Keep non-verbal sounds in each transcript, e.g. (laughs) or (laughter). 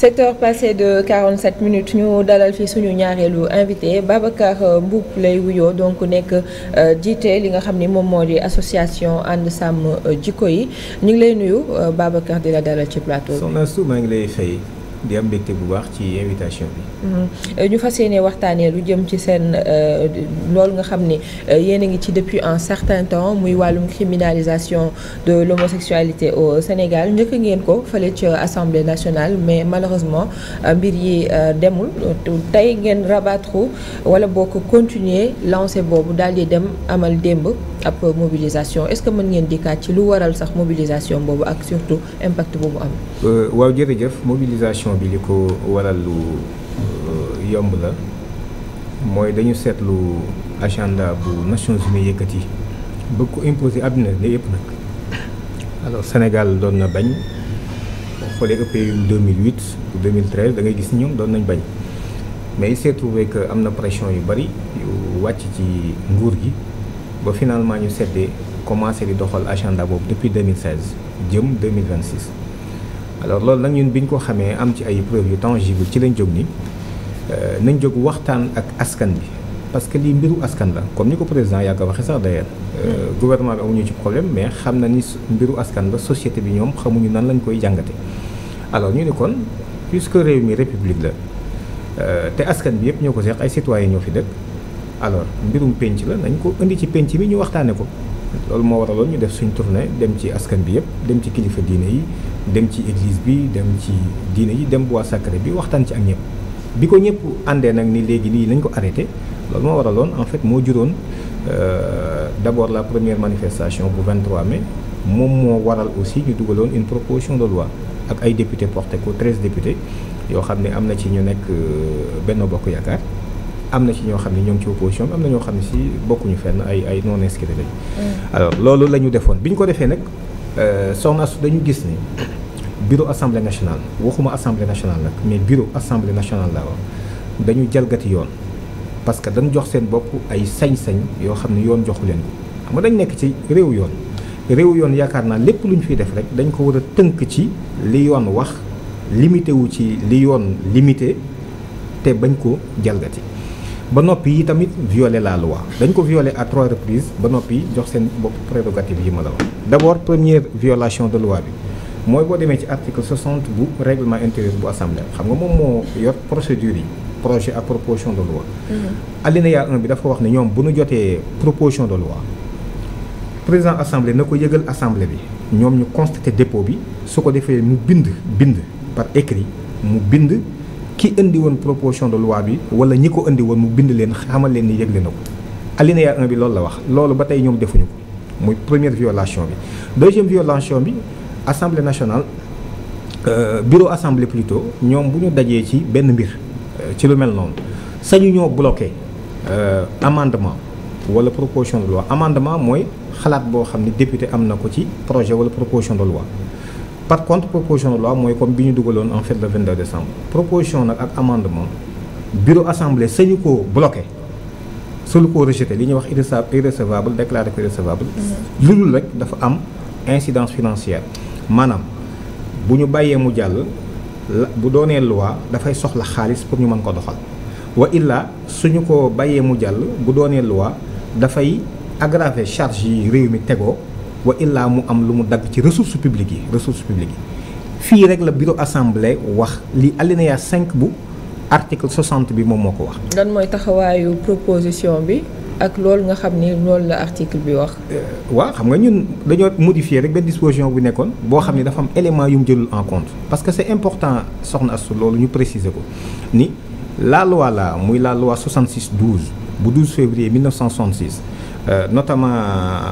7 heures passées de 47 minutes ñu dalal fi suñu ñaareelu invité Babacar Mboup lay wuyoo donc nekk euh, jiite li nga xam ni moom moo di association ànd sàmm jikko yi ñu ngi lay nuyu euh, Babacar di la dalal ci plateau bi. soxna Sow maa ngi lay fay di am mbégte bu baax ci invitation bi. Euh, ñu fas yéene waxtaanee lu jëm ci seen euh, loolu nga xam ni euh, yéen a ngi ci depuis un certain temps muy wàllum criminalisation de l'homosexualité au Sénégal njëkk ngeen ko fële ci assemblée nationale mais malheureusement mbir yi demul tey ngeen rabattre wala boo ko continuer lancé boobu daal di dem amal démb ab mobilisation est-ce que mën ngeen dikkaat ci lu waral sax mobilisation boobu ak surtout impact bu mu am. waaw jërëjëf mobilisation bi li ko waral lu yomb la mooy dañu seetlu agenda bu Nations Unies yi bëgg ko imposer àdduna li yëpp nag alors Sénégal doon na bañ boo xoolee ëppee 2008 ou 2013 da ngay gis ñoom doon nañ bañ mais il s'est am na pression yu bari yu wàcc ci nguur gi ba finalement ñu seddee commencé di doxal agenda boobu depuis 2016 jëm 2026 alors loolu nag ñun bi ñu ko xamee am ci ay preuves yu tangible ci lañ jóg ni Euh, nañ jóg waxtaan ak askan bi parce que lii mbiru askan la kon ni ko président yaa a waxee sax d'ailleurs euh, hmm. gouvernement bi amuñu ci problème mais xam na ni mbiru askan la société bi ñoom xamuñu nan lañ koy jàngate alors ñu ni kon puisque réew mi république la euh, te askan bi yëpp ñoo ko seex ay citoyens ñoo fi dëkk alors mbirum penc la nañ ko indi ci penc bi ñu waxtaane ko loolu moo waraloon ñu def suñ tournée dem ci askan bi yëpp dem ci kilifa diine yi dem ci église bi dem ci diine dem bois sacré bi waxtaan ci ak ñëpp bi ko ñëpp àndee nag ni léegi nii lañ ko arrêté loolu moo waraloon en fait moo juróon euh, d'abord la première manifestation bu 23 mais moom moo waral aussi ñu dugaloon une proposition de loi ak ay député porté ko 13 députés yoo xam ne am na ci ñu nekk euh, Benno Bokk Yaakaar am na ci ñoo xam ne ñoo ngi ci opposition am na ñoo xam ne si bokkuñu fenn ay ay non inscrits lañ mm. loolu la ñu defoon bi ñu ko defee nag euh, soxna su dañu gis ni bureau assemblée nationale waxuma assemblée nationale nag mais bureau assemblée nationale la wax dañu jalgati yoon parce que dañu jox seen bopp ay sañ-sañ yoo xam ne yoon joxu leen ko xam nga dañ nekk ci réew yoon réew yoon yaakaar naa lépp lu ñu fiy def rek dañ ko war a tënk ci li yoon wax limité wu ci li yoon limité te bañ ko jalgati ba noppi yi tamit violé la loi dañ ko violé à trois reprises ba noppi jox seen bopp prérogative yi ma la wax d'abord première violation de loi bi mooy boo demee ci article 60 bu règlement intérieur bu assemblée xam nga moom moo yor procédure yi projet ak proposition de loi. Mhm. alinéa 1 bi dafa wax ne ñoom bu ñu jotee proposition de loi président assemblée na ko yëgal assemblée bi ñoom ñu constaté dépôt bi su ko defee mu bind bind par écrit mu bind ki indi woon proposition de loi bi wala ñi ko indi woon mu bind leen xamal leen ni yëgle na ko alinéa 1 bi loolu la wax loolu ba tey ñoom defuñu ko muy première violation bi deuxième violation bi. assemblée nationale euh, bureau assemblée plutôt ñoom bu ñu dajee ci benn mbir euh, ci lu mel noonu sañu ñoo bloqué euh, amendement wala proposition de loi amendement mooy xalaat boo xam ne député am na ko ci projet wala proposition de loi par contre proposition de loi mooy comme bi ñu dugaloon en fait le 22 décembre proposition nag ak amendement bureau assemblée sañu koo bloqué suñu koo rejeté li ñuy wax irrecevable déclaré ko irrecevable mm-hmm. lu dul rek dafa am incidence financière maanaam bu ñu bàyyee mu jàll bu doonee loi dafay soxla xaalis pour ñu mën ko doxal wa illa suñu ko bàyyee mu jàll bu doonee loi dafay aggraver charge yi réew mi tegoo wa illa mu am lu mu dagg ci ressources publiques yi ressources publiques fii rek la bureau assemblée wax li alinéa 5 bu article 60 bi moom moo ko wax. lan mooy taxawaayu proposition bi. ak loolu nga xam ni loolu la article bi wax. Euh, waaw xam nga ñun dañoo modifier rek benn disposition bu nekkoon boo xam ne dafa am élément yu mu jëlul en compte parce que c' est important soxna Astou loolu ñu préciser ko ni la loi la muy la loi 66 12 bu 12 février 1966 euh, notamment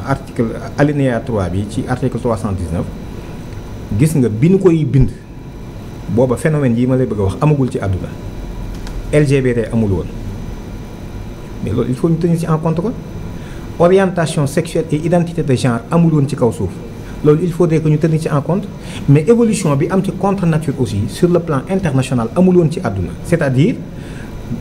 article alinéa 3 bi ci article 319 gis nga bi nu koy bind booba phénomène yi ma lay bëgg wax amagul ci àdduna LGBT amul woon. mais loolu il faut ñu tenir ci en compte ko orientation sexuelle et identité de genre amul woon ci kaw suuf loolu il faudrait que ñu tenir ci en compte mais évolution bi am ci contre nature aussi sur le plan international amul ci àdduna c'est-à-dire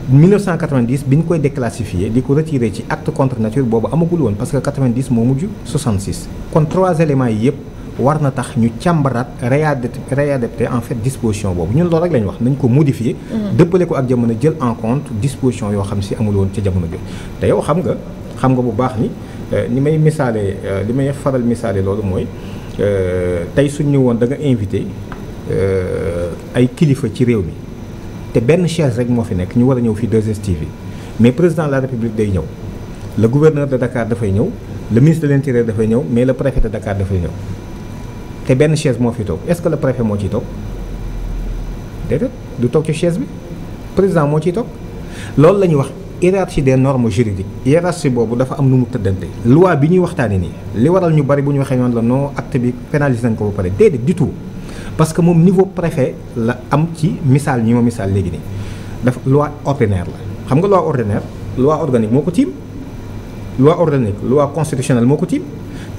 1990 bi ñu koy déclassifié di ko retiré ci acte contre nature boobu amagul woon parce que 90 moo mujj 66 kon trois éléments yi yëpp war na tax ñu càmbaraat réadapté en fait disposition boobu ñun loolu rek la wax nañ ko modifier mm-hmm. dëppale ko ak jamono jël en compte disposition yoo xam si amul woon ca jamono jooju te yow xam nga xam nga bu baax ni euh, ni may misaale euh, li may faral misaale loolu mooy euh, tey suñ ñu woon da nga invité ay kilifa ci réew mi te benn chaise rek moo fi nekk ñu war a ñëw fii 2STV mais président la république day ñëw la gouverneur de Dakar dafay ñëw le ministre de l'intérieur dafay ñëw mais le préfet de dafay ñëw te benn chaise moo fi toog est-ce que le moo ciy toog déedéet du toog ci chaise bi président moo ciy toog loolu la ñuy wax hiérarchie des normes juridiques hiérarchie boobu dafa am lu mu tëddante loi bi ñuy waxtaanee nii li waral ñu bari bu ñu waxee noonu la non acte bi pénalise nañ ko ba pare déedéet du tout parce que moom niveau préfet la am ci misaal ñi ma misaal léegi nii dafa loi ordinaire la xam nga loi ordinaire loi organique moo ko tiim loi organique loi constitutionnelle moo ko tiim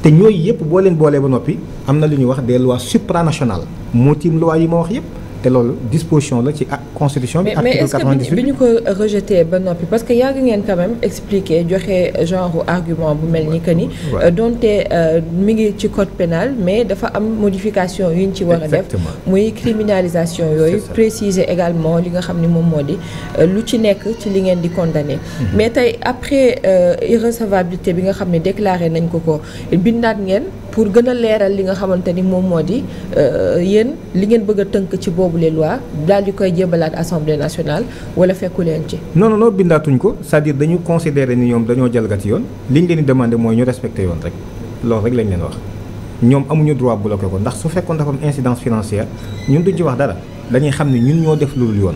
te ñooyu yëpp boo leen boolee ba noppi am na lu ñuy wax des lois supranationales moo tiim loi yi ma wax yëpp te loolu disposition la ci constitution bi. article 98 bi ñu ko rejeté ba noppi parce que yàgg ngeen quand même expliquer joxe genre argument bu mel ni que ni. Euh, donte euh, mu ngi ci code pénal mais dafa am modification yu ñu ci war a def. muy criminalisation yooyu. préciser également li nga xam ni moom moo di euh, lu ci nekk ci li ngeen di condamné. Mhm. mais tey après irrecevabilité bi nga xam ne déclaré nañ ko ko bindaat ngeen. pour gën a leeral li nga xamante ni moom moo di euh, yéen li ngeen bëgg tënk ci boobu boobule waa daal di koy jébalaat assemblée nationale wala fekku leen ci. non non bindaatuñ ko sa à dañu considérer ni ñoom dañoo jalgati yoon liñ leen di demandé mooy ñu respecté yoon rek loolu rek lañ leen wax ñoom amuñu droit bloqué ko ndax su fekkoon dafa am incidence financière ñun duñ ci wax dara dañuy xam ne ñun ñoo def loolu yoon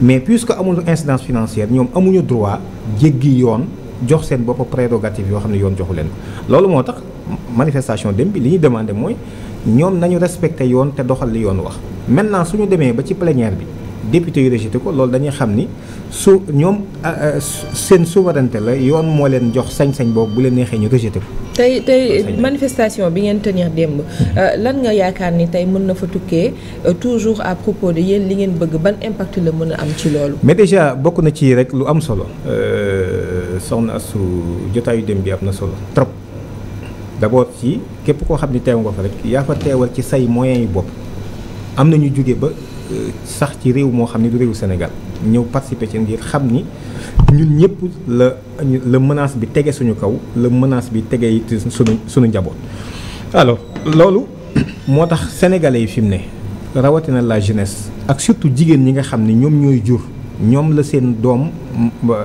mais ko amul insidence financière ñoom amuñu droit jéggi yoon. jox seen bopp prérogative yoo xam ne yoon joxu leen ko loolu moo tax manifestation dem bi li ñuy demandé mooy ñoom nañu respecté yoon te doxal li yoon wax maintenant suñu demee ba ci plénière bi député yu rejeté ko loolu dañuy xam ni su ñoom ah, ah, seen souveraineté la yoon moo leen jox sañ-sañ boobu bu leen neexee ñu rejeté ko. tey tey manifestation bi ngeen tenir démb euh, lan nga yaakaar ni tey mën na fa tukkee euh, toujours à propos de yéen li ngeen bëgg ban impact la mën a am ci loolu. mais déjà bokk na ci rek lu am solo. Euh, soxna su jotaayu dem bi am na solo trop d'abord ci képp koo xam ni teew nga fa rek yaa fa teewal ci say moyens yu bopp am na ñu jóge ba. sax ci réew moo xam ne du réewu Sénégal ñëw participer ci ngir xam ni ñun ñëpp la la menace bi tege suñu kaw la menace bi tege suñu njaboot. alors loolu moo tax sénégalais yi fi mu ne rawatina la jeunesse ak surtout jigéen ñi nga xam ne ñoom ñooy jur ñoom la seen doom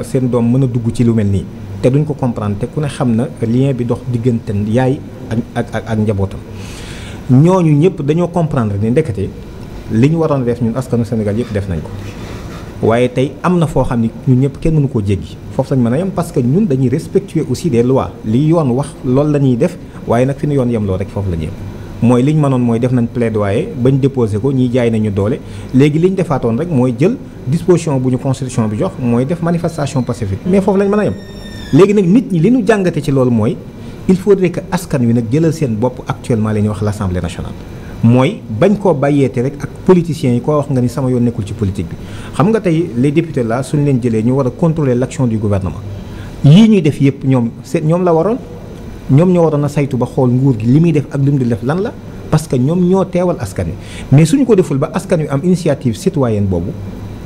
seen doom mën a dugg ci lu mel nii. te duñ ko comprendre te ku ne xam na lien bi dox diggante yaay ak ak ak njabootam ñooñu ñëpp dañoo comprendre ni ndekete li ñu waroon def ñun askanu Sénégal yëpp def nañ ko waaye tey am na foo xam ni ñun ñëpp kenn mënu koo jéggi foofu lañ mën a yem parce que ñun dañuy respectuer aussi des lois li yoon wax loolu la ñuy def waaye nag fi ñu yoon yem loo rek foofu la ñuy mooy li ñu mënoon mooy def nañ plaidoyer bañ déposé ko ñiy jaay nañu doole léegi li ñu defaatoon rek mooy jël disposition bu ñu constitution bi jox mooy def manifestation pacifique mais foofu lañ mën a yem léegi nit ñi li ñu jàngate ci loolu mooy il faudrait que askan wi nag jëlal seen bopp actuellement la ñuy wax l'Assemblée nationale mooy bañ koo bàyyeete rek ak politiciens yi koo wax nga ni sama yoon nekkul ci politique bi xam nga tey les députés là suñ leen jëlee ñu war a contrôler l'action du gouvernement yii ñuy def yëpp ñoom seet ñoom la waroon ñoom ñoo waroon a saytu ba xool nguur gi li muy def ak li mu di def lan la parce que ñoom ñoo teewal askan wi mais suñu ko deful ba askan wi am initiative citoyenne boobu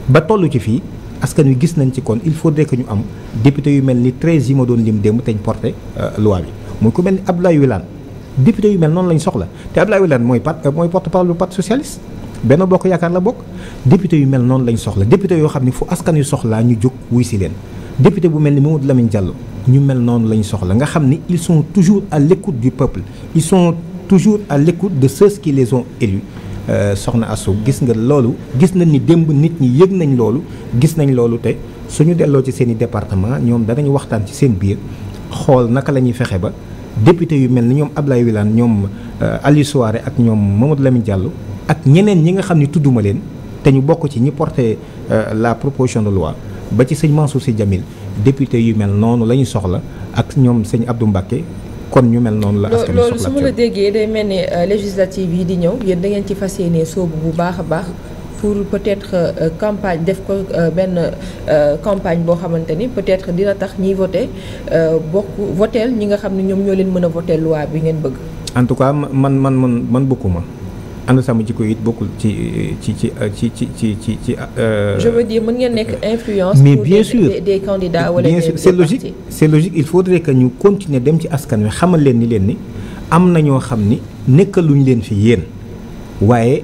ba tollu ci fii askan wi gis nañ ci kon il faut que ñu am député yu mel ni 13 yi ma doon lim démb teñ porté euh, loi bi muy ku mel ni Abdoulaye Wilane député yu mel noonu lañ soxla te Abdoulaye Wilane mooy part mooy porte parole bu parti socialiste benn bokk yaakaar la bokk député yu mel noonu lañ soxla député yoo xam ne fu askan yu soxlaa ñu jóg wuy si leen député bu mel ni moom Mamadou Lamine Diallo ñu mel noonu lañ soxla nga xam ni ils sont toujours à l'écoute du peuple ils sont toujours à l'écoute de ceux qui les ont élus euh, soxna Assou gis nga loolu gis nañ ni démb nit ñi yëg nañ loolu gis nañ loolu te suñu delloo ci seen i département ñoom danañ waxtaan ci seen biir xool naka la ñuy fexe ba député yu mel ni ñoom Abdoulaye Wilane ñoom euh, Aliou Souaré ak ñoom Mamadou Lamine Diallo ak ñeneen ñi nga xam ne tudduma leen te ñu bokk ci ñi porté euh, la proposition de loi ba ci sëñ Mansour si Djamil député yu mel noonu la ñu soxla ak ñoom sëñ Abdou Mbacké kon ñu mel noonu la. askan loolu su ma mel ne euh, législative yi di ñëw yéen da ngeen ci fas yéenee soobu bu baax a baax. pour peut-être euh, campagne def ko euh, benn euh, campagne boo xamante ni peut-être dina tax ñiy voté bokk voteel ñi nga xam ne ñoom ñoo leen mën a voté bi ngeen bëgg. en tout cas man man man man bokkuma ànd sama jikko it bokkul ci ci ci ci ci ci ci ci. je veux dire mën nekk influence. mais bien sûr des des candidats wala bien sûr c'est logique c'est que ñu continuer dem ci askan wi xamal leen ni leen ni am na ñoo xam ni nekkaluñ leen fi yéen waaye.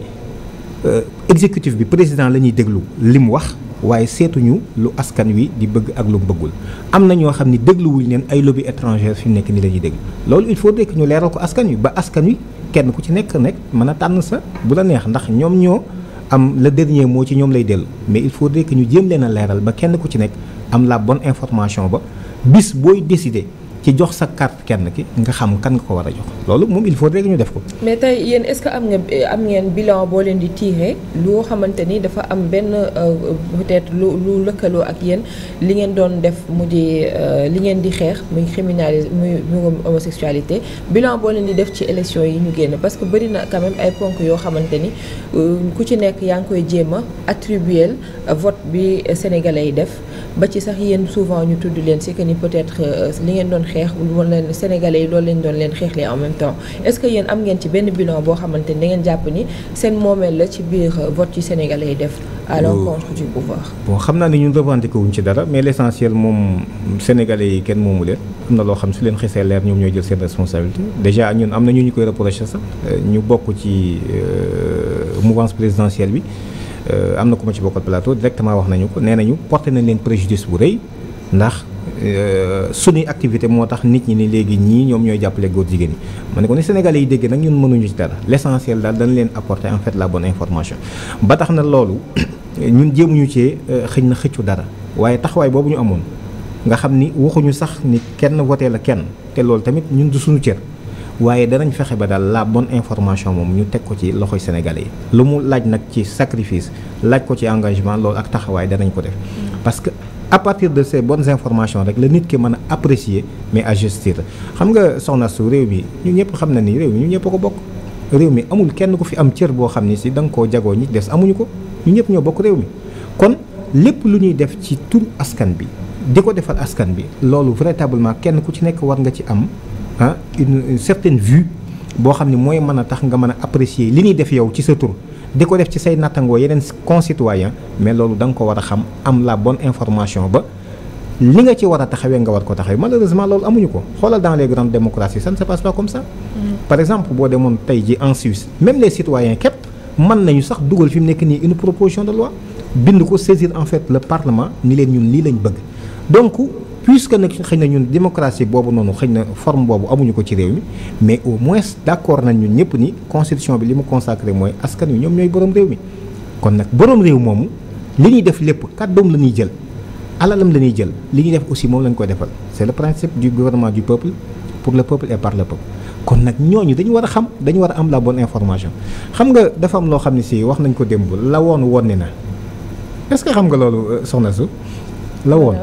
exécutif bi président la ñuy déglu li mu wax waaye seetuñu lu askan wi di bëgg ak lu bëggul am na ñoo xam ni dégluwuñ leen ay lobby étranger fi nekk ni la ñuy déglu loolu il faut que ñu leeral ko askan wi ba askan wi kenn ku ci nekk nekk mën a tànn sa bu la neex ndax ñoom ñoo am le dernier moo ci ñoom lay dellu mais il faut dékk ñu jéem leen a leeral ba kenn ku ci nekk am la bon information ba bis booy décider. ci jox sa carte kenn ki nga xam kan nga ko war a jox loolu moom il faut rek ñu def ko. mais tey yéen est-ce que am nga am ngeen bilan boo leen di tiire loo xamante ni dafa am benn euh, peut-être lu lu lëkkaloo ak yéen li ngeen doon def mu di euh, li ngeen di xeex muy criminalisé muy mbirum homosexualité bilan boo leen di def ci élection yi ñu génn parce que bëri na quand ay ponk yoo xamante ni euh, ku ci nekk yaa ngi koy jéem a attribuer vote bi sénégalais yi def ba ci sax yéen souvent ñu tudd leen si que ni peut-être li ngeen doon xeex wala sénégalais yi loolu lañ doon leen xeexlee en même temps est-ce que yéen am ngeen ci benn bilan boo xamante ni da ngeen jàpp ni seen moomeel la ci biir vote ci sénégalais yi def à oh. l'encontre du pouvoir bon xam naa ni ñun revendiqué wuñ ci dara mais l'essentiel moom sénégalais yi kenn moomu leen am na loo xam su leen xesee leer ñoom ñooy jël seen responsabilité déjà ñun am na ñu ñu koy reproché sax euh, ñu bokk ci euh, mouvance présidentielle bi euh, am na ku ma ci bokkal plateau directement wax nañu ko nee nañu porté nañ leen préjudice bu rëy ndax Euh, suñuy activité moo tax nit ñi ni léegi ñii ñoom ñooy jàppale góor jigéen yi ma ne ko ni sénégalais yi dégg nag ñun mënuñu ci dara l'essentiel daal dañ leen apporter en fait la bonne information ba tax na loolu (coughs) ñun jéemuñu ci euh, xëj na xëccu dara waaye taxawaay boobu ñu amoon nga xam ni waxuñu sax ni kenn voté la kenn te loolu tamit ñun du suñu cër waaye danañ fexe ba daal la bon information moom ñu teg ko ci loxo sénégale yi lu mu laaj nag ci sacrifice laaj ko ci engagement loolu ak taxawaay danañ ko def à partir de ces bonnes informations rek la nit ki mën a apprécier mais ajustir xam nga soxna su réew mi ñu ñëpp xam na ni réew mi ñu ñëpp ko bokk réew mi amul kenn ku fi am cër boo xam ni si da nga koo jagoo ñi des amuñu ko ñu ñëpp ñoo bokk réew mi kon lépp lu ñuy def ci tur askan bi di ko defal askan bi loolu véritablement kenn ku ci nekk war nga ci am ah une certaine vue boo xam ne mooy mën a tax nga mën a apprécier li ñuy def yow ci sa tur di ko def ci say nattangoo yeneen concitoyen mais loolu da nga ko war a xam am la bonne information ba li nga ci war a taxawee nga war ko taxawee malheureusement loolu amuñu ko xoolal dans les grandes démocraties ça comme ça. Mm. par exemple boo demoon tey ji en Suisse même les citoyens képp mën nañu sax dugal fi mu nekk nii une proposition de loi bind ko saisir en fait le parlement ni leen ñun lii lañ bëgg donc. puisque nag xëy na ñun démocratie boobu noonu xëy na forme boobu amuñu ko ci réew mi mais au moins d' accord nañ ñun ñëpp ni constitution bi li ma consacré mooy askan wi ñoom ñooy borom réew mi. kon nag borom réew moomu li ñuy def lépp kàddoom la ñuy jël alalam la ñuy jël li ñu def aussi moom la ñu koy defal c' est le principe du gouvernement du peuple pour le peuple et par le peuple. kon nag ñooñu dañu war a xam dañu war a am la bonne information xam nga dafa am loo xam ne si wax nañ ko démb la woon woon na est ce que xam nga loolu euh, soxna su la woon.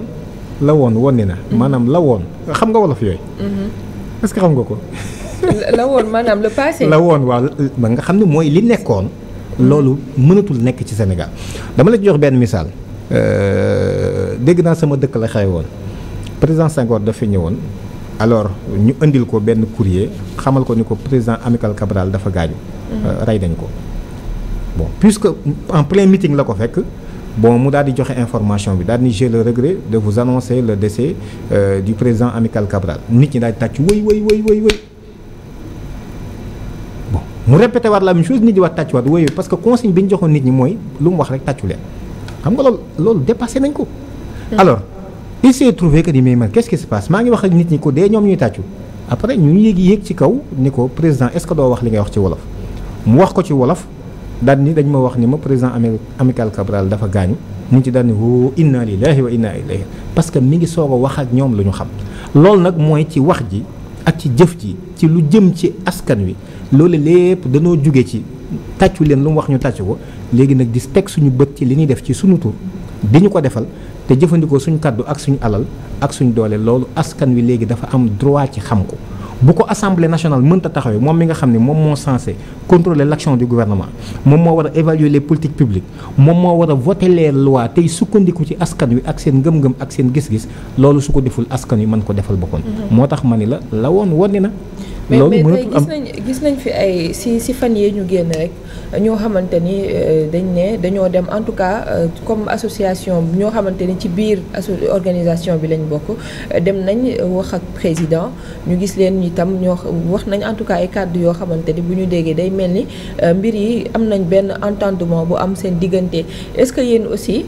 la woon wonni na mhm. maanaam la woon xam nga wolof yooyu mhm. est que xam nga ko la woon maanaam le passé la woon waaw ma nga xam ne mooy li nekkoon loolu mënatul nekk ci Sénégal dama la jox benn misaal euh, dégg naa sama dëkk la xew woon président Senghor dafa ñëwoon alors ñu indil ko benn courrier xamal ko ni ko président Amical Cabral dafa gaañu mhm. euh, rey dañ ko bon puisque en plein meeting la ko fekk bon mu daal di joxe information bi daal di j'ai le regret de vous annoncer le décès euh, du président Amical Cabral nit ñi daal di tàcc wëy wëy wëy la même chose nit ñi parce que consigne bi ñu joxoon nit ñi mooy lu mu wax rek tàccu leen xam nga loolu loolu dépassé nañ ko. Hmm. alors il s'est trouvé que ni mais man quest qui se passe maa ngi wax ak nit ñi ko dee ñoom ñuy tàccu après ñu yéeg yéeg ci kaw ni ko président est que doo wax li ngay wax ci wolof mu wax ko ci wolof. daan ni dañ ma wax ni ma président amical Cabral dafa gaañu mu ci daal ni woo inna lillahi wa inna ilayhi parce que mi ngi soog a wax ak ñoom lu ñu xam loolu nag mooy ci wax ji ak ci jëf ji ci lu jëm ci askan wi loolu lépp danoo jóge ci tàccu leen lu mu wax ñu tàccu ko léegi nag di teg suñu bët ci li ñuy def ci suñu tur di ñu ko defal te jëfandikoo suñu kàddu ak suñu alal ak suñu doole loolu askan wi léegi dafa am droit ci xam ko bu ko assemblée nationale mënta taxawee moom mi nga xam ne moom moo censé contrôler l' action du gouvernement moom moo war a évaluer les politiques publiques moom moo war a voter les lois tey sukkandiku ci askan wi ak seen ngëm-ngëm ak seen gis-gis loolu su ko deful askan wi mën ko defal boppam. Mm-hmm. moo tax ma ni la la woon wane na. loolu mënatul am mais gis nañ fi ay si fan yee ñu génn rek ñoo xamante ni euh, dañ ne dañoo dem en tout cas euh, comme association ñoo xamante ni ci biir organisation bi lañ bokk dem nañ wax ak président ñu gis leen itam ñoo wax nañ en tout cas ay kàddu yoo xamante ni bu ñu déggee day mel ni euh, mbir yi am nañ benn entendement bu am seen diggante est-ce que yéen aussi.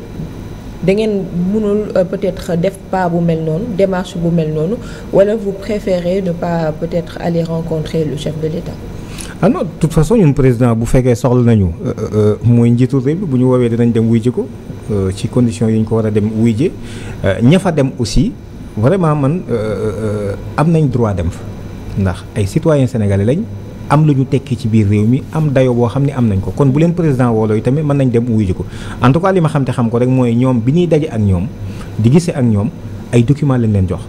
da ngeen mënul euh, peut-être def pas bu mel noonu démarche bu mel noonu wala vous préférez ne pas peut-être aller rencontrer le chef de l'État ah non de façon ñun président bu fekkee soxla nañu euh, euh, mooy njiitu réew bi bu ñu woowee dinañ dem wuy ko ci condition yi ñu ko war a dem wuy ña fa dem aussi vraiment man am nañ droit dem fa ndax ay citoyens sénégalais lañ am lu ñu tekki ci biir réew mi am dayo boo xam ne am nañ ko kon bu leen président wooloo yi tamit mën nañ dem wuyu ji ko en tout cas li ma xam ko rek mooy ñoom bi ñuy daje ak ñoom di gisee ak ñoom ay documents lañ leen jox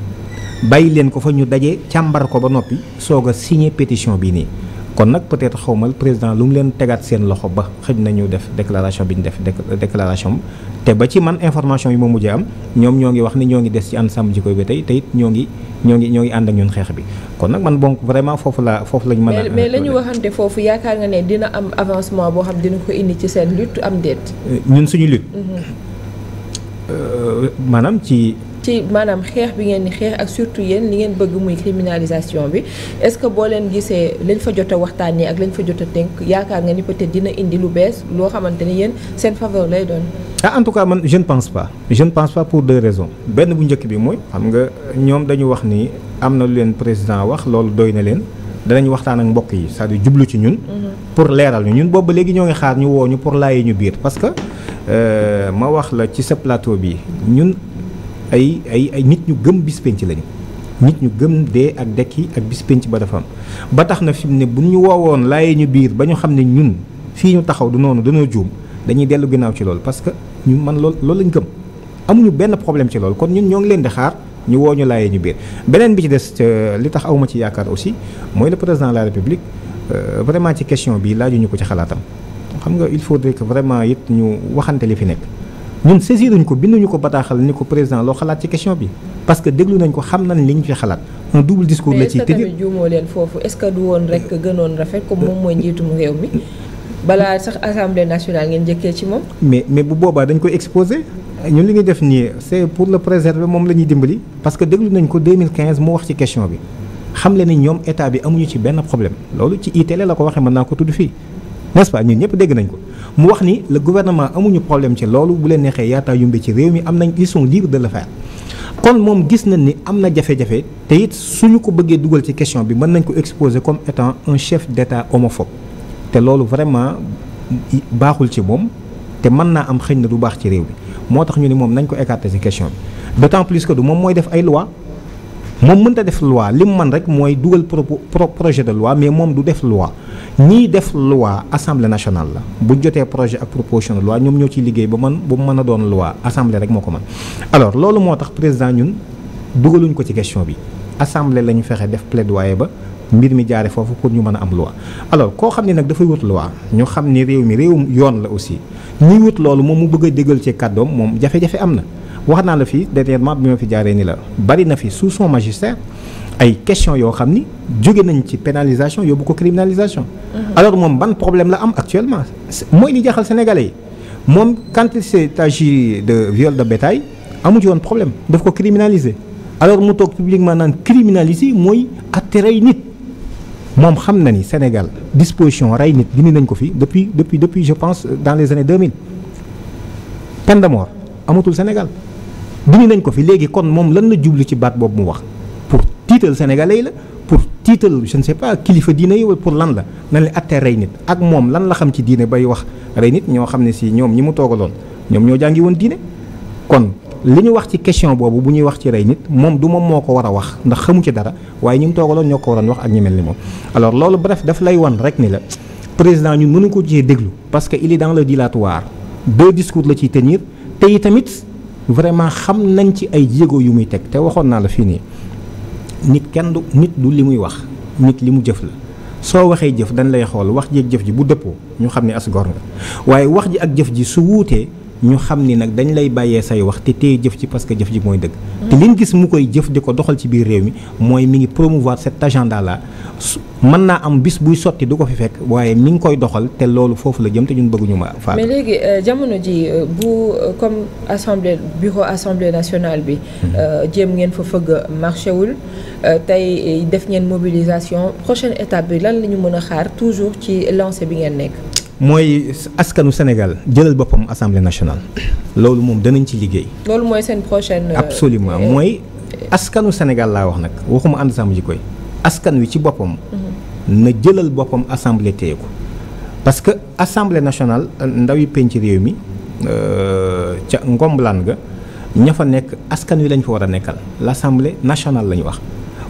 bàyyi leen ko fa ñu dajee càmbar ko ba noppi soog a signé pétition bii nii kon nag peut-être xaw ma président lu mu leen tegaat seen loxo ba xëj na ñu def déclaration bi ñu def déclaration te ba ci man information yi ma mujjee am ñoom ñoo ngi wax ni ñoo ngi des ci ànd sàmm jikko bi tey te it ñoo ngi ñoo ngi ñoo ngi ànd ak ñun xeex bi kon nag man bon vraiment foofu la foofu lañ mën a mais la ñu waxante foofu yaakaar nga ne dina am avancement boo xam dina ko indi ci seen lutte am déet. Euh, ñun suñu lutte. Mm-hmm. Euh, maanaam ci. ci maanaam xeex bi ngeen ni xeex ak surtout yéen li ngeen bëgg muy criminalisation bi est-ce que boo leen gisee lañ fa jot a waxtaanee ak lañ fa jot a tenk yaakaar nga ni peut-être dina indi lu bees loo xamante ni yéen seen faveur lay doon. a ah, en tout cas man jeune pense pas jeune ne pense pas pour deux raisons benn bu njëkk bi mooy xam nga ñoom dañu wax ni am na lu leen président wax loolu doy na leen. danañu waxtaan ak mbokk yi cest à jublu ci ñun. Mhm. pour leeral ñu ñun boobu léegi ñoo ngi xaar ñu woo ñu pour laayee ñu biir parce que euh, ma wax la ci sa bi ay ay ay nit ñu gëm bis penc lañu nit ñu gëm dee ak dekki ak bis penc ba defam ba tax na fi mu ne bu ñu woowoon laayee ñu biir ba ñu xam ne ñun fii ñu taxaw du noonu dañoo juum dañuy dellu ginnaaw ci loolu parce que ñu man lool loolu lañ gëm amuñu benn problème ci loolu kon ñun ñoo ngi leen di xaar ñu woo ñu laayee ñu biir beneen bi ci des euh, li tax awma ci yaakaar aussi mooy le président de la république euh, vraiment ci question bi laajuñu ko ci xalaatam xam nga il faudrait que vraiment it ñu waxante li fi nekk ñun saisiruñ ko binduñu ko bataaxal ni ko président loo xalaat ci question bi parce que déglu nañ ko xam nañ li ñu fi xalaat un double discours mais woon rek gënoon rafet comme moom mooy njiitum réew mi balaa sax assemblée nationale mais bu boobaa dañ koy exposé ñun li ñuy def nii c'est pour le préserver moom la ñuy dimbali parce que déglu nañ ko 2015 mu wax ci question bi xam le ni ñoom état bi amuñu ci benn problème loolu ci itélé la ko waxee mën naa ko tudd fii. n'est-ce pas ñun ñëpp dégg nañ ko mu wax ni le guvernement amuñu problème ci loolu bu leen neexee yaataa yumbe ci réew mi am nañ gison sont libres de le faire kon moom gis nañ ni am na jafe-jafe te it suñu ko bëggee dugal ci question bi mën nañ ko exposer comme étant un chef d'État homophobe te loolu vraiment baaxul ci moom te mën naa am xëñ na du baax ci réew mi moo tax ñu ni moom nañ ko écarter ci question bi d'autant plus que du moom mooy def ay loi moom mënta def loi li mu man rek mooy dugal pro projet de loi mais moom du def loi ñiy def loi assemblée nationale la bu jotee projet ak proposition de loi ñoom ñoo ciy liggéey ba man ba mu mën a doon loi assemblée rek moo ko man alors loolu moo tax président ñun dugaluñ ko ci question bi assemblée la ñu fexe def plaidoyer ba mbir mi jaare foofu pour ñu mën a am loi alors koo xam ne nag dafay wut loi ñu xam ni réew mi réew yoon la aussi ñiy wut loolu moom mu bëgg a déggal ci kàddoom moom jafe am na wax naa la fii dernièrement bi ma fi jaaree ni la bari na fi sous son magistère ay question yoo xam ni jóge nañ ci pénalisation yoobu ko criminalisation. Mhm. alors moom ban problème la am actuellement mooy li jaaxal sénégalais yi moom quand il s'est agi de viol de bétail amu yoon problème daf ko criminaliser alors mu toog publiquement naan criminaliser mooy atte rey nit moom xam na ni Sénégal disposition rey nit dindi nañ ko fi depuis depuis depuis je pense dans les années 2000 peine de mort amatul Sénégal. dindi nañ ko fi léegi kon moom lan la jublu ci baat boobu mu wax pour tiital sénégalais la pour tiital je ne sais kilifa diine yow pour lan la nan la attee rey nit ak moom lan la xam ci diine bay wax rey nit ñoo xam ne si ñoom ñi mu toogaloon ñoom ñoo jàngi woon diine kon li ñu wax ci question boobu bu ñuy wax ci rey nit moom du moom moo ko war a wax ndax xamu ci dara waaye ñu mu toogaloon ñoo ko waroon wax ak ñu mel ni moom alors loolu bref daf lay wan rek ni la président ñun mënu ko cee déglu parce que il est dans le dilatoire deux discours la ciy tenir te tamit vraiment xam nañ ci ay jéego yu muy teg te waxoon naa la fii nii nit kenn du nit du li muy wax nit li mu jëf la soo waxee jëf dañ lay xool wax ji ak jëf ji bu dëppoo ñu xam ne as gor waaye wax ji ak jëf ji su wuutee ñu xam ni nag dañ lay bàyyee say wax te téye jëf ci parce que jëf ji mooy dëgg. Mm-hmm. te liñ gis mu koy jëf di ko doxal ci biir réew mi mooy mi ngi promouvoir cet agenda là mën naa am bis buy sotti du ko fi fekk waaye mi ngi koy doxal te loolu foofu la jëm te ñun bëgguñu ma faa. mais léegi euh, jamono ji euh, bu euh, comme assemblée bureau assemblée nationale bi. Mm-hmm. jéem ngeen fa fëgg marché wul tey def ngeen mobilisation prochaine étape bi lan la ñu mën a xaar toujours ci lancé bi ngeen nekk. mooy askanu Sénégal jëlal boppam assemblée national loolu moom danañ ci liggéey. loolu mooy seen prochaine. Euh, absolument euh, mooy askanu Sénégal laa wax nag waxuma ànd sàmm ji koy askan wi ci boppam. Mhm. na jëlal boppam assemblée téye parce que assemblée nationale euh, ndawi penc réew mi ca ngomblaan ga ña fa nekk askan wi lañ fa war a nekkal l' assemblée nationale la ñu wax.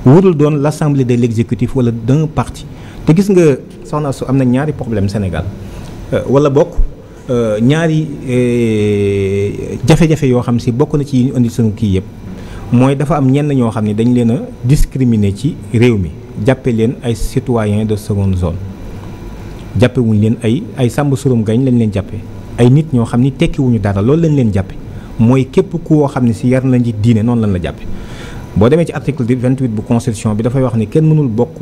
warul doon l' assemblée de l' exécutif wala d'un parti te gis nga soxna su am na ñaari problème Sénégal. Euh, wala bokk euh, ñaari euh, jafe-jafe yoo xam si bokk na ci yi ñu indi sunu kii yëpp mooy dafa am ñenn ñoo xam ne dañ leen a discriminer ci réew mi jàppe leen ay citoyens de seconde zone jàppewuñ leen ay ay sàmb surum gañ lañ leen jàppe ay nit ñoo xam ni tekkiwuñu dara loolu lañ leen jàppe mooy képp ku woo xam ne si yar nañ ci diine noonu lañ la jàppe boo demee ci article 28 bu constitution bi dafay wax ni kenn mënul bokk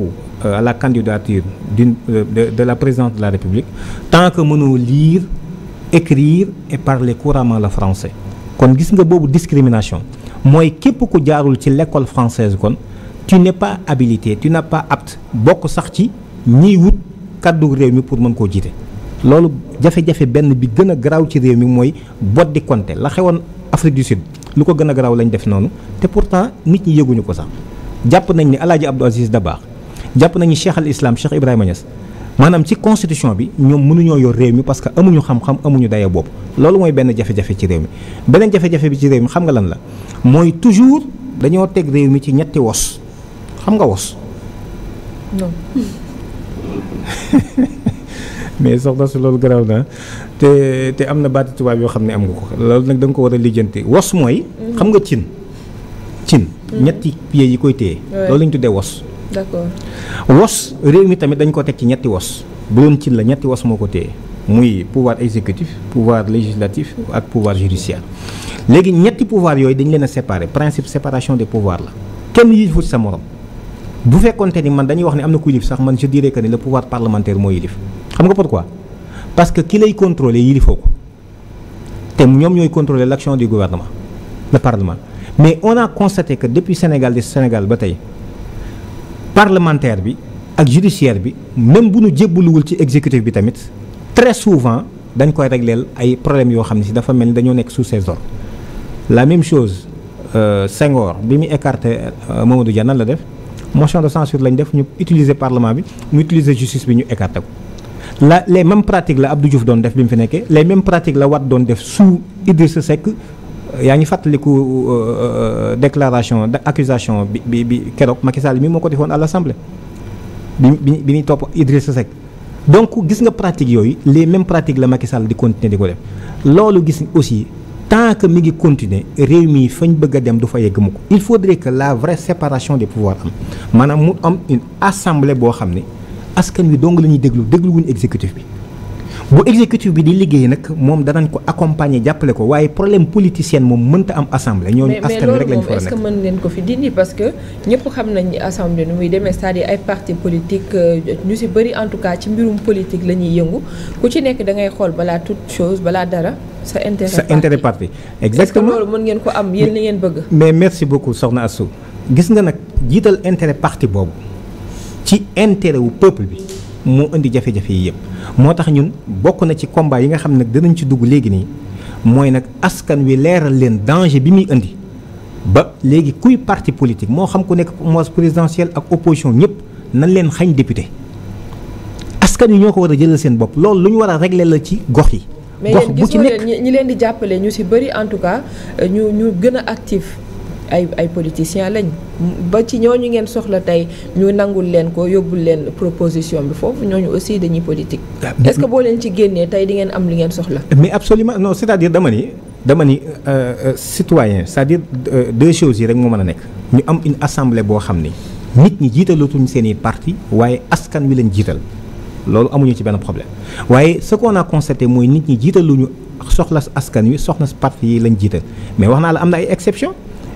euh, la candidature d'une euh, de de la présidence de la république tant que mënoo lire écrire et parler couramment la français kon gis nga boobu discrimination mooy képp ku jaarul ci l'école française kon tu n'es pas habilité tu n'es pas apte bokk sax ci ñiy wut kàddu réew mi pour mën koo jiite loolu jafe-jafe benn bi gën a garaaw ci réew mi mooy boddi konte la xewoon Afrique du Sud lu ko gën a garaaw lañ def noonu te pourtant nit ñi yëguñu ko sax jàpp nañ ni alaaji Abdou Aziz baax jàpp nañu Cheikh al Islam Cheikh Ibrahima Niass maanaam ci constitution bi ñoom mënuñoo yor réew mi parce que amuñu xam-xam amuñu daya boobu loolu mooy benn jafe-jafe ci réew mi beneen jafe-jafe bi ci réew mi xam nga lan la mooy toujours dañoo teg réew mi ci ñetti wos xam nga wos (laughs) mais soxna si loolu garaaw na te te am na baati tubaab yoo xam ne am nga ko loolu nag da nga ko war a lijjanti was mooy. Mhm. xam nga cin. cin mhm. ñetti pieds yi koy téye. loolu la ñu tuddee wos d'accord was réew mi tamit dañ ko teg ci ñetti was bu doon cin la ñetti was moo ko téye muy pouvoir exécutif pouvoir législatif ak pouvoir judiciaire léegi ñetti pouvoir yooyu dañ leen a séparer principe séparation des pouvoirs la kenn yilifut sa morom bu fekkonte ni man dañuy wax ne am na ku yilif sax man je dirais que xam nga pourquoi parce que ki lay contrôler yilifoo ko te ñoom ñooy contrôler l'action du gouvernement le parlement mais on a constaté que depuis Sénégal di Sénégal ba tey parlementaire bi ak judiciaire bi même bu ñu jébbaluwul ci exécutif bi tamit très souvent dañ koy régleel ay problèmes yoo xam ne si dafa mel ni dañoo nekk sous ses ordres la même chose euh, Senghor bi mu écarté euh, Mamadou Dia nan la def motion de censure lañ def ñu utiliser parlement bi mu utiliser justice bi ñu écarté ko. la les mêmes pratique la Abdou Diouf doon def bi mu fi nekkee les mêmes pratiques la Wade doon def sous Idrissa Seck euh, yaa ngi fàttaliku euh, euh, déclaration accusation bi bi bi keroog Macky Sall mi moo ko defoon à l'Assemblée bi bi bi ñuy topp Idrissa sec donc gis nga pratiques yooyu les mêmes pratique la Macky Sall di continuer di ko def loolu gis aussi tant que mi ngi continuer réew mi fañ bëgg a dem du fa yegg mu ko il faudrait que la vraie séparation des pouvoirs am maanaam mu am une assemblée boo xam ne askan wi dong la ñuy déglu dégluwuñu exécutif bi bu exécutif bi di liggéey nag moom danañ ko accompagner jàppale ko waaye problème politicien moom mënta am assemblée. ñooñu askan wi rek lañ fa nekk mais mais loolu moom est-ce que mën ngeen ko fi dindi parce que ñëpp xam nañ ni assemblée nu muy demee cest ay parti politique euh, ñu si bëri en tout cas ci mbirum politique la ñuy yëngu ku ci nekk da ngay balaa toute chose balaa dara. sa intérêt parti sa intérêt parti mën ngeen ko am yéen ngeen bëgg. mais merci beaucoup soxna Assou gis nga nag jiital intérêt parti boobu. ci intérêt wu peuple bi moo indi jafe-jafe yi yëpp moo tax ñun bokk na ci combat yi nga xam nag dinañ ci dugg léegi nii mooy nag askan wi leeral leen danger bi muy indi ba léegi kuy parti politique moo xam ku nekk moos présidentielle ak opposition ñëpp nan leen xañ député askan wi ñoo ko war a jëlal seen bopp loolu lu ñu war a régler la ci gox yi. gox bu ci nekk ñi leen di jàppale ñu si bëri en tout cas ñu ñu gën a actif. ay ay politiciens lañ ba ci ñooñu ngeen soxla tey ñu nangul leen ko yóbbul leen proposition bi foofu ñooñu aussi dañuy politique. Ah, est-ce boo leen ci génnee tey dingeen am li ngeen soxla. mais absolument non c'est-à-dire dama ni dama ni euh, euh, citoyen c'est-à-dire euh, deux yi rek moo mën a nekk. ñu am une assemblée boo xam ni nit ñi jiitalatuñ seen i parti waaye askan wi lañ jiital loolu amuñu ci benn problème waaye ce qu'on a constaté mooy nit ñi jiitaluñu soxla askan wi soxla parti yi lañ jiital mais wax naa la am na ay exceptions.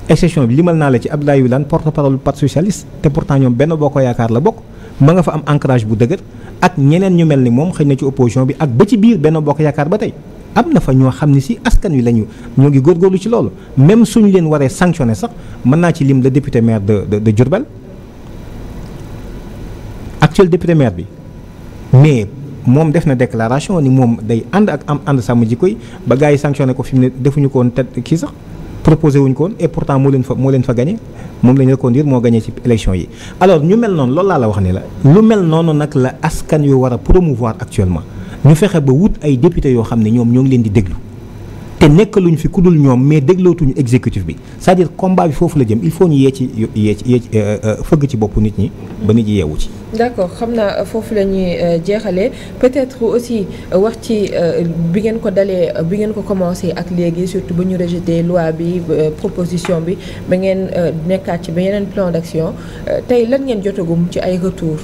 exception bi limal naa la ci Abdoulaye Wilane porte parole parti socialiste te pourtant ñoom benn boo yaakaar la bokk ma nga fa am ancrage bu dëgër ak ñeneen ñu mel ni moom xëy na ci opposition bi ak ba ci biir benn bokk yaakaar ba tey am na fa ñoo xam ne si askan wi la ñu ñoo ngi góorgóorlu ci loolu même suñu leen waree sanctionné sax mën naa ci lim le député maire de de de Diourbel actuel député maire bi mais moom def na déclaration ni moom day ànd ak am ànd sàmm ji koy ba yi sanctionné ko fi mu ne defuñu ko te kii sax. proposé wuñ ko woon et pourtant moo leen fa moo leen fa gagné moom la ñu reconduire moo gagné ci élection yi alors ñu mel noonu loolu laa la wax ni la lu mel noonu nag la askan yu war a promouvoir actuellement ñu fexe ba wut ay député yoo xam ne ñoom ñoo ngi leen di déglu te nekkaluñ fi ku dul ñoom mais déglootuñu exécutif bi c'est-à-dire bi foofu la jëm il faut ñu yee ci yee ci yee ci euh, euh, fëgg ci bopp nit ñi ba nit ñi yeewu ci. d'accord xam naa foofu la ñuy euh, jeexalee peut-être aussi wax ci bi ngeen ko dalee bi ngeen ko commencé ak léegi surtout ba ñu rejeté loi bi proposition bi ba ngeen nekkaat ci ba yeneen plan d'action tey lan ngeen jotagum ci ay retour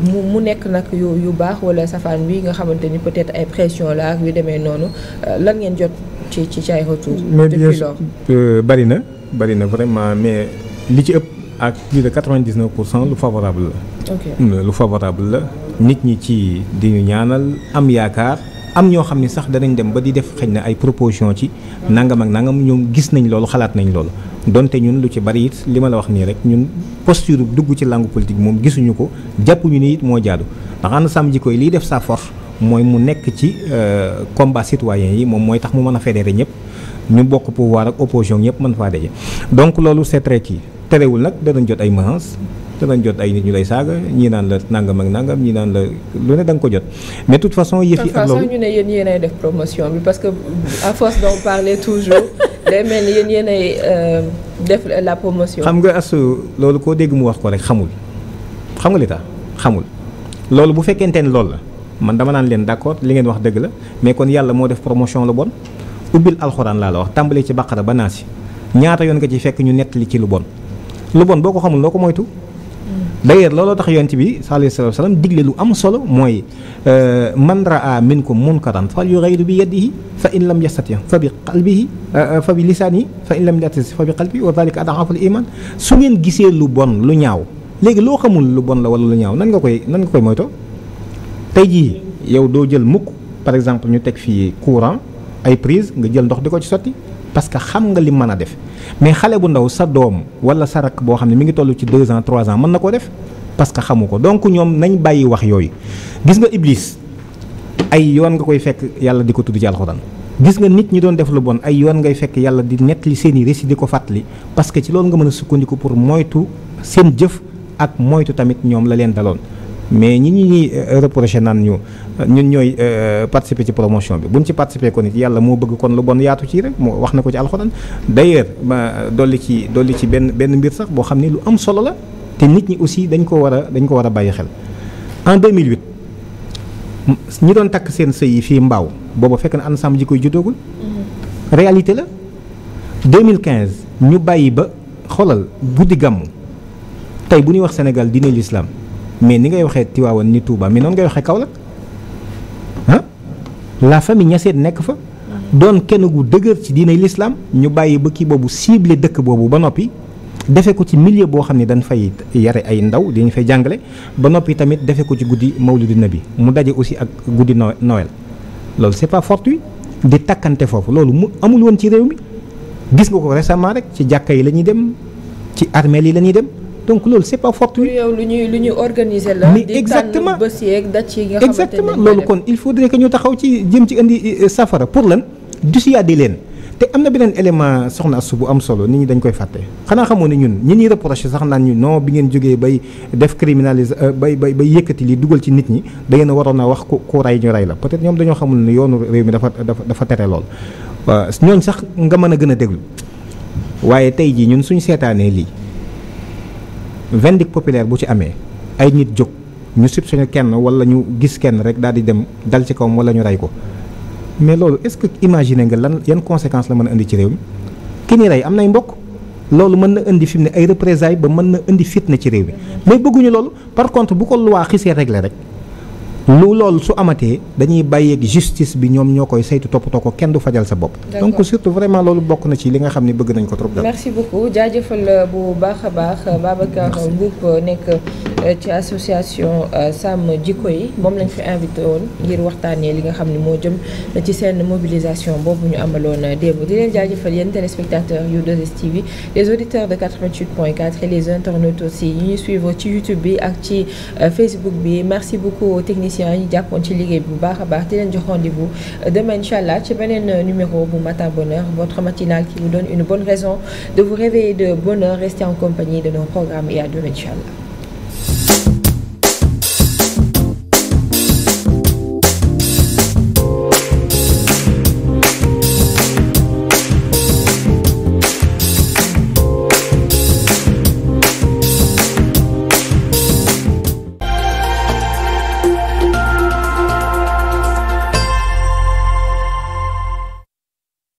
mu mu nekk nag yu yu baax wala safaan bi nga xamante ni peut-être ay pression la ak yu demee noonu euh, lan ngeen jot ci ci ay retour mais bien sûr euh, bari na bari na vraiment mais li ci ëpp ak plus de 99 pour cent lu favorable la. lu favorable la nit ñi ci di ñu ñaanal am yaakaar. am ñoo xam ne sax danañ dem ba di def xëy na ay proposition ci nangam ak nangam ñoom gis nañ loolu xalaat nañ loolu donte ñun lu ci bari it li ma la wax nii rek ñun posture dugg ci langue politique moom gisuñu ko jàppuñu ni it moo jaadu ndax ànd sàmm jikko yi liy def saa force mooy mu nekk ci euh, combat citoyen yi moom mooy tax mu mën a fédéré ñëpp ñu bokk pouvoir ak opposition ñëpp mën faa daje donc loolu c'est très terewul nag danañ jot ay menaces danañ jot ay nit ñu lay saaga ñii naan la nangam ak nangam ñii naan la lu ne da nga ko jot mais toute façon yëf yi ak loolu ñu ne yéen def promotion bi parce que à force d'en parler toujours day mel ni yéen yéenay def la promotion. xam nga as loolu koo dégg mu wax ko rek xamul xam nga li tax xamul loolu bu fekkente ne loolu la man dama naan leen d'accord li ngeen wax dëgg la mais kon yàlla moo def promotion la bon ubbil alxuraan laa la wax tàmbalee ci baqara ba naa si ñaata yoon nga ci fekk ñu nettali ci lu bon lu bon boo ko xamul loo ko moytu. d'ailleurs looloo tax yonent bi sallallahu alayhi wa sallam digle lu am solo mooy euh, man raa minkum munkaran fal yughayyiru bi yadihi fa in lam yastati fa bi qalbihi euh, euh, fa bi lisaanihi fa in lam yastati fa bi qalbihi wa dhalika ad'aful iman su ngeen gisee lu bon lu ñaaw léegi loo xamul lu bon la wala lu ñaaw nan nga koy nan nga koy moytoo tey jii yow doo jël mukk par exemple ñu teg fii courant ay prise nga jël ndox di ko ci sotti parce que xam nga li mën a def mais xale bu ndaw sa doom wala sa rakk boo xam ne mi ngi toll ci 2 ans 3 ans mën na ko def parce que xamu ko donc ñoom nañ bàyyi wax yooyu gis nga iblis ay yoon nga koy fekk yàlla di ko tudd ci alxuraan gis nga nit ñi doon def lu bon ay yoon ngay fekk yàlla di nettali seen i récits di ko fàttali parce que ci loolu nga mën a sukkandiku pour moytu seen jëf ak moytu tamit ñoom la leen daloon mais ñi ñi ñuy reproché naan ñu ñun ñooy euh, participer ci promotion bi buñ ci participer ko it yàlla moo bëgg kon lu bon yaatu ci rek moo wax na ko ci alxuraan d'ailleurs ma dolli ci dolli ci benn benn mbir sax boo xam ne lu am solo la te nit ñi aussi dañ ko war a dañ ko war a bàyyi xel en 2008 ñi doon takk seen sëy yi fii mbaaw booba fekk na ensemble ji koy juddoogul mm-hmm. réalité la 2015 ñu bàyyi ba xoolal guddi gàmmu tey bu ñuy wax Sénégal diine l'islam mais ni ngay waxee Tiwaawan ni Touba mais noonu ngay waxee Kaolack la la famille Niassène nekk fa. doon kenn gu dëgër ci diinay lislaam ñu bàyyi ba kii boobu ciblé dëkk boobu ba noppi. defe ko ci milieu boo xam ne dañ fay yare ay ndaw dañu fay jàngale ba noppi tamit defe ko ci guddi mawlidu nabi mu daje aussi ak guddi Noël loolu c'est fort fortuit di takkante foofu loolu mu amul woon ci réew mi gis nga ko récemment rek ci jàkka yi la ñuy dem ci armeel yi la ñuy dem. donc loolu c'est pas fortuit. yow lu ñuy lu organiser la. mais exactement di tànn bés yi nga loolu kon il faudrait que ñu taxaw ci jëm ci indi euh, safara pour lan dissuader leen. te am na beneen élément soxna su bu am solo nit ñi dañ koy fàtte xanaa xamoon ne ñun ñi ñuy reproché sax naa ñu non bi ngeen jógee bay def criminalise euh, bay bay bay yëkkati li dugal ci nit ñi da ngeen a waroon a wax ku ku rey ñu rey la peut-être ñoom dañoo xamul ne yoonu réew mi dafa dafa dafa tere lool. ñooñ sax nga mën a gën a déglu tey jii ñun suñu seetaanee lii. vindique populaire bu ci amee ay nit jóg ñu sib suñu kenn wala ñu gis kenn rek daal di dem dal ci kawam wala ñu rey ko mais loolu est-ce que imaginer nga lan yan conséquence la mën a indi ci réew mi ki ni rey am nay mbokk loolu mën na indi fi mu ne ay représailles ba mën na indi fitna ci réew mi mais bëgguñu loolu par contre bu ko loi xisee réglé rek lu loolu su amatee dañuy bàyyeeg justice bi ñoom ñoo koy saytu toppatoo ko kenn du fajal sa bopp. donc surtout vraiment loolu bokk na ci li nga xam ne bëgg nañ ko trop. merci beaucoup jaajëfal bu baax a baax Babacar Mboup nekk euh, ci association euh, Sàmm Jikko yi moom lañ fi invité woon ngir waxtaanee li nga xam ne moo jëm ci seen mobilisation boobu ñu amaloon démb di leen jaajëfal yéen téléspectateurs yu 2STV les auditeurs de 88.4 et les internautes aussi yi ñuy suivre ci YouTube bi ak ci euh, Facebook bi merci beaucoup technicien techniciens yi jàppoon ci liggéey bu baax a baax di leen jox rendez-vous euh, demain incha allah ci beneen euh, numéro bu matin bonheur votre matinale qui vous donne une bonne raison de vous réveiller de bonne heure restez en compagnie de nos programmes et à demain incha allah